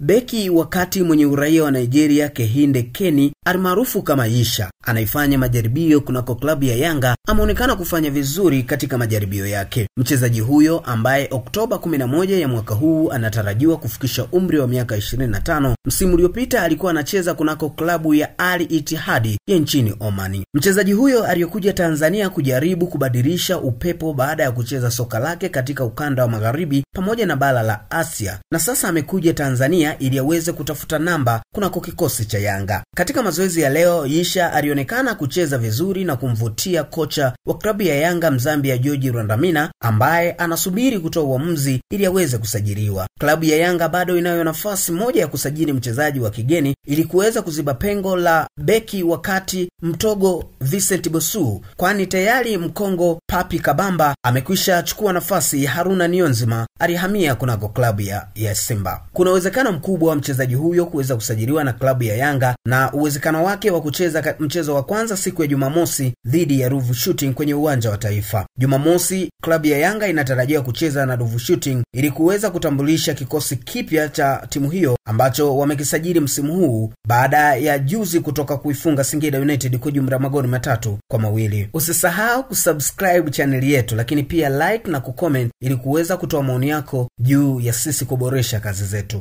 Beki wakati mwenye uraia wa Nigeria Kehinde Keni almaarufu kama Isha anaifanya majaribio kunako klabu ya Yanga ameonekana kufanya vizuri katika majaribio yake. Mchezaji huyo ambaye Oktoba 11 ya mwaka huu anatarajiwa kufikisha umri wa miaka 25, msimu uliopita alikuwa anacheza kunako klabu ya Al Ittihad ya nchini Omani. Mchezaji huyo aliyokuja Tanzania kujaribu kubadilisha upepo baada ya kucheza soka lake katika ukanda wa magharibi pamoja na bara la Asia, na sasa amekuja Tanzania ili aweze kutafuta namba kunako kikosi cha Yanga katika mazoezi ya leo, Yisha alionekana kucheza vizuri na kumvutia kocha wa klabu ya Yanga Mzambia georgi Rwandamina ambaye anasubiri kutoa uamuzi ili aweze kusajiliwa. Klabu ya Yanga bado inayo nafasi moja ya kusajili mchezaji wa kigeni ili kuweza kuziba pengo la beki wakati mtogo Vincent Bosu, kwani tayari Mkongo Papi Kabamba amekwisha chukua nafasi ya Haruna Nionzima alihamia kunako klabu ya, ya Simba. Kuna uwezekano mkubwa wa mchezaji huyo kuweza kusajiliwa na klabu ya Yanga na uwezekano wake wa kucheza mchezo wa kwanza siku ya Jumamosi dhidi ya Ruvu Shooting kwenye uwanja wa Taifa. Jumamosi klabu ya Yanga inatarajiwa kucheza na Ruvu Shooting ili kuweza kutambulisha kikosi kipya cha timu hiyo ambacho wamekisajili msimu huu baada ya juzi kutoka kuifunga Singida United kwa jumla magoli matatu kwa mawili. Usisahau kusubscribe subscribe chaneli yetu, lakini pia like na kucomment ili kuweza kutoa maoni yako juu ya sisi kuboresha kazi zetu.